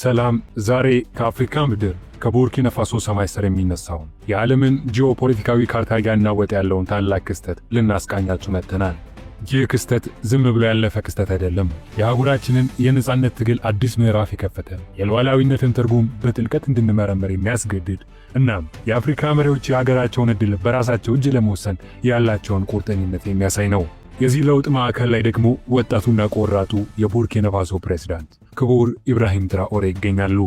ሰላም። ዛሬ ከአፍሪካ ምድር ከቡርኪና ፋሶ ሰማይ ስር የሚነሳውን የዓለምን ጂኦፖለቲካዊ ካርታ ያናወጠ ያለውን ታላቅ ክስተት ልናስቃኛችሁ መጥተናል። ይህ ክስተት ዝም ብሎ ያለፈ ክስተት አይደለም። የአህጉራችንን የነፃነት ትግል አዲስ ምዕራፍ የከፈተ የሉዓላዊነትን ትርጉም በጥልቀት እንድንመረምር የሚያስገድድ እናም የአፍሪካ መሪዎች የሀገራቸውን ዕድል በራሳቸው እጅ ለመወሰን ያላቸውን ቁርጠኝነት የሚያሳይ ነው። የዚህ ለውጥ ማዕከል ላይ ደግሞ ወጣቱና ቆራጡ የቡርኪና ፋሶ ፕሬዝዳንት ክቡር ኢብራሂም ትራኦሬ ይገኛሉ።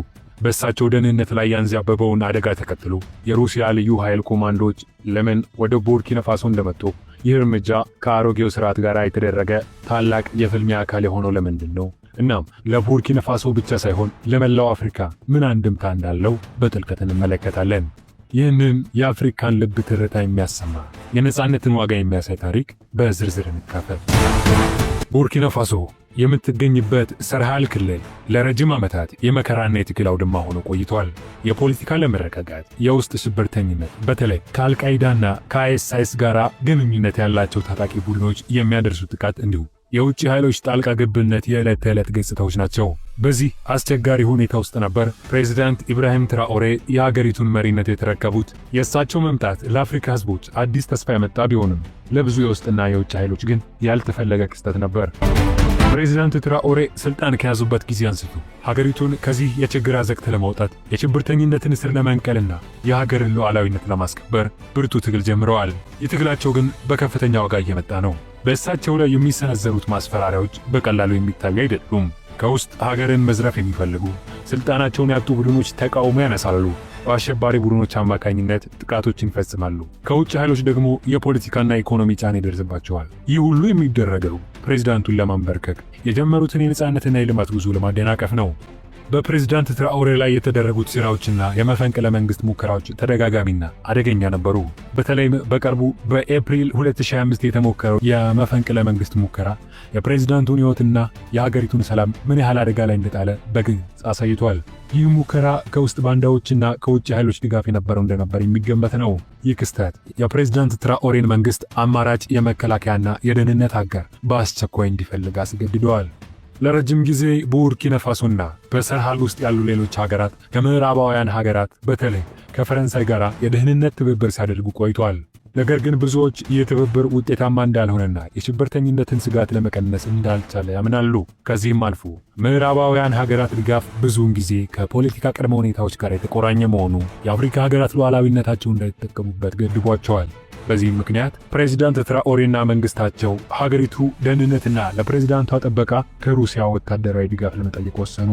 በእሳቸው ደህንነት ላይ ያንዣበበውን አደጋ ተከትሎ የሩሲያ ልዩ ኃይል ኮማንዶዎች ለምን ወደ ቡርኪና ፋሶ እንደመጡ ይህ እርምጃ ከአሮጌው ስርዓት ጋር የተደረገ ታላቅ የፍልሚያ አካል የሆነው ለምንድን ነው? እናም ፋሶ ብቻ ሳይሆን ለመላው አፍሪካ ምን አንድምታ እንዳለው በጥልቀት እንመለከታለን። ይህንን የአፍሪካን ልብ ትርታ የሚያሰማ የነፃነትን ዋጋ የሚያሳይ ታሪክ በዝርዝር እንካፈል። ቡርኪና ፋሶ የምትገኝበት ሰርሃል ክልል ለረጅም ዓመታት የመከራና የትግል አውድማ ሆኖ ቆይቷል። የፖለቲካ ለመረጋጋት፣ የውስጥ ሽብርተኝነት፣ በተለይ ከአልቃይዳና ከአይኤስአይስ ጋር ግንኙነት ያላቸው ታጣቂ ቡድኖች የሚያደርሱ ጥቃት፣ እንዲሁም የውጭ ኃይሎች ጣልቃ ገብነት የዕለት ተዕለት ገጽታዎች ናቸው። በዚህ አስቸጋሪ ሁኔታ ውስጥ ነበር ፕሬዚዳንት ኢብራሂም ትራኦሬ የሀገሪቱን መሪነት የተረከቡት። የእሳቸው መምጣት ለአፍሪካ ሕዝቦች አዲስ ተስፋ ያመጣ ቢሆንም ለብዙ የውስጥና የውጭ ኃይሎች ግን ያልተፈለገ ክስተት ነበር። ፕሬዚዳንት ትራኦሬ ስልጣን ከያዙበት ጊዜ አንስቶ ሀገሪቱን ከዚህ የችግር አዘቅት ለማውጣት የሽብርተኝነትን እስር ለመንቀልና የሀገርን ሉዓላዊነት ለማስከበር ብርቱ ትግል ጀምረዋል። የትግላቸው ግን በከፍተኛ ዋጋ እየመጣ ነው። በእሳቸው ላይ የሚሰነዘሩት ማስፈራሪያዎች በቀላሉ የሚታዩ አይደሉም። ከውስጥ ሀገርን መዝረፍ የሚፈልጉ ስልጣናቸውን ያጡ ቡድኖች ተቃውሞ ያነሳሉ። በአሸባሪ ቡድኖች አማካኝነት ጥቃቶችን ይፈጽማሉ። ከውጭ ኃይሎች ደግሞ የፖለቲካና ኢኮኖሚ ጫና ይደርስባቸዋል። ይህ ሁሉ የሚደረገው ፕሬዚዳንቱን ለማንበርከክ የጀመሩትን የነፃነትና የልማት ጉዞ ለማደናቀፍ ነው። በፕሬዝዳንት ትራኦሬ ላይ የተደረጉት ሴራዎችና የመፈንቅለ መንግስት ሙከራዎች ተደጋጋሚና አደገኛ ነበሩ። በተለይም በቅርቡ በኤፕሪል 2025 የተሞከረው የመፈንቅለ መንግስት ሙከራ የፕሬዝዳንቱን ሕይወትና የሀገሪቱን ሰላም ምን ያህል አደጋ ላይ እንደጣለ በግልጽ አሳይቷል። ይህ ሙከራ ከውስጥ ባንዳዎችና ከውጭ ኃይሎች ድጋፍ የነበረው እንደነበር የሚገመት ነው። ይህ ክስተት የፕሬዝዳንት ትራኦሬን መንግስት አማራጭ የመከላከያና የደህንነት አጋር በአስቸኳይ እንዲፈልግ አስገድደዋል። ለረጅም ጊዜ ቡርኪና ፋሶና በሳህል ውስጥ ያሉ ሌሎች ሀገራት ከምዕራባውያን ሀገራት በተለይ ከፈረንሳይ ጋር የደህንነት ትብብር ሲያደርጉ ቆይቷል። ነገር ግን ብዙዎች ይህ ትብብር ውጤታማ እንዳልሆነና የሽብርተኝነትን ስጋት ለመቀነስ እንዳልቻለ ያምናሉ። ከዚህም አልፎ ምዕራባውያን ሀገራት ድጋፍ ብዙውን ጊዜ ከፖለቲካ ቅድመ ሁኔታዎች ጋር የተቆራኘ መሆኑ የአፍሪካ ሀገራት ሉዓላዊነታቸውን እንዳይጠቀሙበት ገድቧቸዋል። በዚህም ምክንያት ፕሬዚዳንት ትራኦሬና መንግስታቸው ሀገሪቱ ደህንነትና ለፕሬዚዳንቷ ጥበቃ ከሩሲያ ወታደራዊ ድጋፍ ለመጠየቅ ወሰኑ።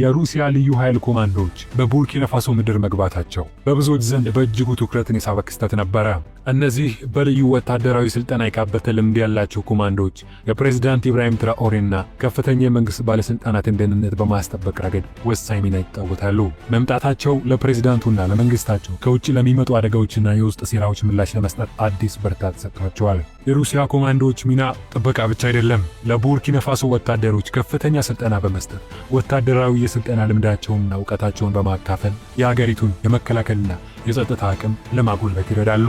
የሩሲያ ልዩ ኃይል ኮማንዶዎች በቡርኪና ፋሶ ምድር መግባታቸው በብዙዎች ዘንድ በእጅጉ ትኩረትን የሳበ ክስተት ነበረ። እነዚህ በልዩ ወታደራዊ ስልጠና የካበተ ልምድ ያላቸው ኮማንዶዎች የፕሬዝዳንት ኢብራሂም ትራኦሬና ከፍተኛ የመንግሥት ባለሥልጣናትን ደህንነት በማስጠበቅ ረገድ ወሳኝ ሚና ይጫወታሉ። መምጣታቸው ለፕሬዝዳንቱና ለመንግሥታቸው ከውጭ ለሚመጡ አደጋዎችና የውስጥ ሴራዎች ምላሽ ለመስጠት አዲስ ብርታት ሰጥቷቸዋል። የሩሲያ ኮማንዶዎች ሚና ጥበቃ ብቻ አይደለም። ለቡርኪና ፋሶ ወታደሮች ከፍተኛ ስልጠና በመስጠት ወታደራዊ የስልጠና ልምዳቸውንና እውቀታቸውን በማካፈል የአገሪቱን የመከላከልና የጸጥታ አቅም ለማጎልበት ይረዳሉ።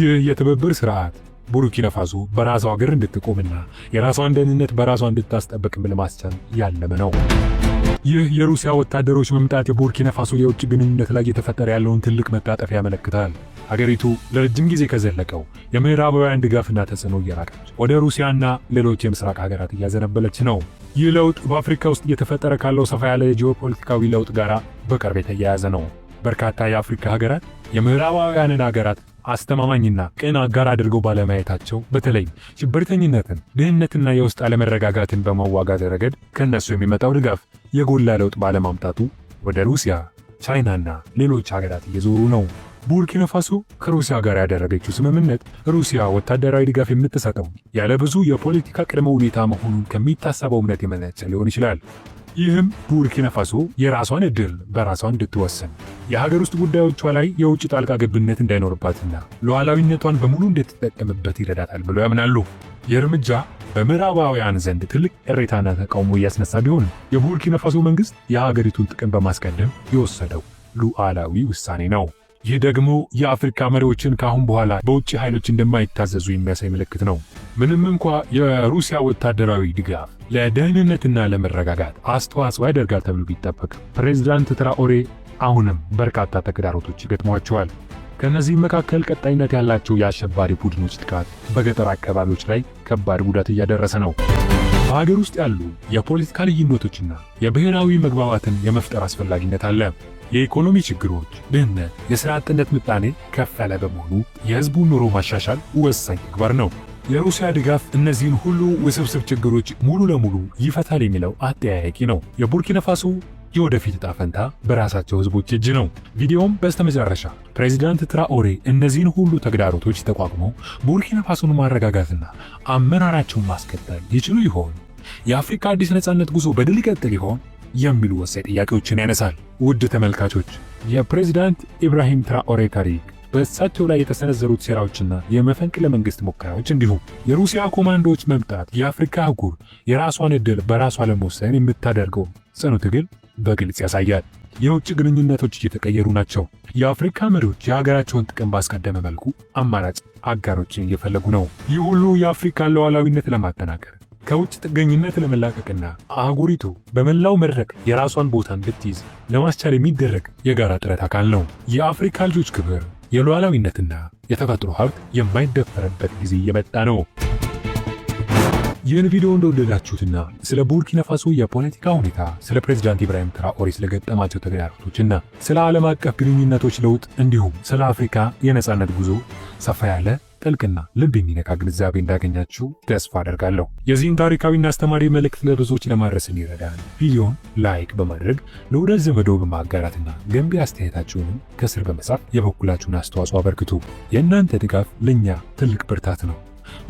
ይህ የትብብር ስርዓት ቡርኪና ፋሶ በራሷ አገር እንድትቆምና የራሷን ደህንነት በራሷ እንድታስጠብቅም ለማስቻል ያለመ ነው። ይህ የሩሲያ ወታደሮች መምጣት የቡርኪና ፋሶ የውጭ ግንኙነት ላይ የተፈጠረ ያለውን ትልቅ መጣጠፍ ያመለክታል። አገሪቱ ለረጅም ጊዜ ከዘለቀው የምዕራባውያን ድጋፍና ተጽዕኖ እየራቀች ወደ ሩሲያና ሌሎች የምስራቅ ሀገራት እያዘነበለች ነው። ይህ ለውጥ በአፍሪካ ውስጥ እየተፈጠረ ካለው ሰፋ ያለ የጂኦፖለቲካዊ ለውጥ ጋር በቅርብ የተያያዘ ነው። በርካታ የአፍሪካ ሀገራት የምዕራባውያንን ሀገራት አስተማማኝና ቅን አጋር አድርገው ባለማየታቸው በተለይ ሽብርተኝነትን፣ ድህነትና የውስጥ አለመረጋጋትን በመዋጋት ረገድ ከእነሱ የሚመጣው ድጋፍ የጎላ ለውጥ ባለማምጣቱ ወደ ሩሲያ፣ ቻይናና ሌሎች ሀገራት እየዞሩ ነው። ቡርኪናፋሶ ከሩሲያ ጋር ያደረገችው ስምምነት ሩሲያ ወታደራዊ ድጋፍ የምትሰጠው ያለ ብዙ የፖለቲካ ቅድመ ሁኔታ መሆኑን ከሚታሰበው እምነት የመነጨ ሊሆን ይችላል። ይህም ቡርኪና ፋሶ የራሷን ዕድል በራሷ እንድትወስን የሀገር ውስጥ ጉዳዮቿ ላይ የውጭ ጣልቃ ገብነት እንዳይኖርባትና ሉዓላዊነቷን በሙሉ እንድትጠቀምበት ይረዳታል ብለው ያምናሉ። የእርምጃ በምዕራባውያን ዘንድ ትልቅ ቅሬታና ተቃውሞ እያስነሳ ቢሆንም የቡርኪና ፋሶ መንግስት የሀገሪቱን ጥቅም በማስቀደም የወሰደው ሉዓላዊ ውሳኔ ነው። ይህ ደግሞ የአፍሪካ መሪዎችን ከአሁን በኋላ በውጭ ኃይሎች እንደማይታዘዙ የሚያሳይ ምልክት ነው። ምንም እንኳ የሩሲያ ወታደራዊ ድጋፍ ለደህንነትና ለመረጋጋት አስተዋጽኦ ያደርጋል ተብሎ ቢጠበቅም ፕሬዝዳንት ትራኦሬ አሁንም በርካታ ተግዳሮቶች ይገጥሟቸዋል። ከእነዚህ መካከል ቀጣይነት ያላቸው የአሸባሪ ቡድኖች ጥቃት በገጠር አካባቢዎች ላይ ከባድ ጉዳት እያደረሰ ነው። በሀገር ውስጥ ያሉ የፖለቲካ ልዩነቶችና የብሔራዊ መግባባትን የመፍጠር አስፈላጊነት አለ። የኢኮኖሚ ችግሮች፣ ድህነት፣ የሥራ አጥነት ምጣኔ ከፍ ያለ በመሆኑ የሕዝቡን ኑሮ ማሻሻል ወሳኝ ተግባር ነው። የሩሲያ ድጋፍ እነዚህን ሁሉ ውስብስብ ችግሮች ሙሉ ለሙሉ ይፈታል የሚለው አጠያያቂ ነው። የቡርኪና ፋሶ የወደፊት እጣ ፈንታ በራሳቸው ህዝቦች እጅ ነው። ቪዲዮም በስተመጨረሻ ፕሬዚዳንት ትራኦሬ እነዚህን ሁሉ ተግዳሮቶች ተቋቁመው ቡርኪና ፋሶን ማረጋጋትና አመራራቸውን ማስቀጠል ይችሉ ይሆን? የአፍሪካ አዲስ ነፃነት ጉዞ በድል ይቀጥል ይሆን? የሚሉ ወሳኝ ጥያቄዎችን ያነሳል። ውድ ተመልካቾች የፕሬዚዳንት ኢብራሂም ትራኦሬ ታሪክ በእሳቸው ላይ የተሰነዘሩት ሴራዎችና የመፈንቅለ መንግስት ሙከራዎች እንዲሁም የሩሲያ ኮማንዶዎች መምጣት የአፍሪካ አህጉር የራሷን ዕድል በራሷ ለመወሰን የምታደርገው ጽኑ ትግል በግልጽ ያሳያል። የውጭ ግንኙነቶች እየተቀየሩ ናቸው። የአፍሪካ መሪዎች የሀገራቸውን ጥቅም ባስቀደመ መልኩ አማራጭ አጋሮችን እየፈለጉ ነው። ይህ ሁሉ የአፍሪካን ሉዓላዊነት ለማጠናከር ከውጭ ጥገኝነት ለመላቀቅና አህጉሪቱ በመላው መድረክ የራሷን ቦታ እንድትይዝ ለማስቻል የሚደረግ የጋራ ጥረት አካል ነው። የአፍሪካ ልጆች ክብር የሉዓላዊነትና የተፈጥሮ ሀብት የማይደፈርበት ጊዜ እየመጣ ነው። ይህን ቪዲዮ እንደወደዳችሁትና ስለ ቡርኪና ፋሶ የፖለቲካ ሁኔታ፣ ስለ ፕሬዝዳንት ኢብራሂም ትራኦሬ ስለገጠማቸው ተግዳሮቶችና ስለ ዓለም አቀፍ ግንኙነቶች ለውጥ እንዲሁም ስለ አፍሪካ የነፃነት ጉዞ ሰፋ ያለ ጥልቅና ልብ የሚነካ ግንዛቤ እንዳገኛችሁ ተስፋ አደርጋለሁ። የዚህን ታሪካዊና አስተማሪ መልእክት ለብዙዎች ለማድረስ እንዲረዳን ቪዲዮን ላይክ በማድረግ ለወዳጅ ዘመዶ በማጋራትና ገንቢ አስተያየታችሁንም ከስር በመጻፍ የበኩላችሁን አስተዋጽኦ አበርክቱ። የእናንተ ድጋፍ ለእኛ ትልቅ ብርታት ነው።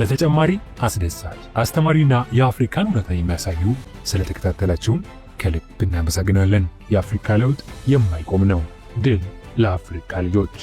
ለተጨማሪ አስደሳች አስተማሪና የአፍሪካን እውነታ የሚያሳዩ ስለተከታተላችሁን ከልብ እናመሰግናለን። የአፍሪካ ለውጥ የማይቆም ነው። ድል ለአፍሪካ ልጆች!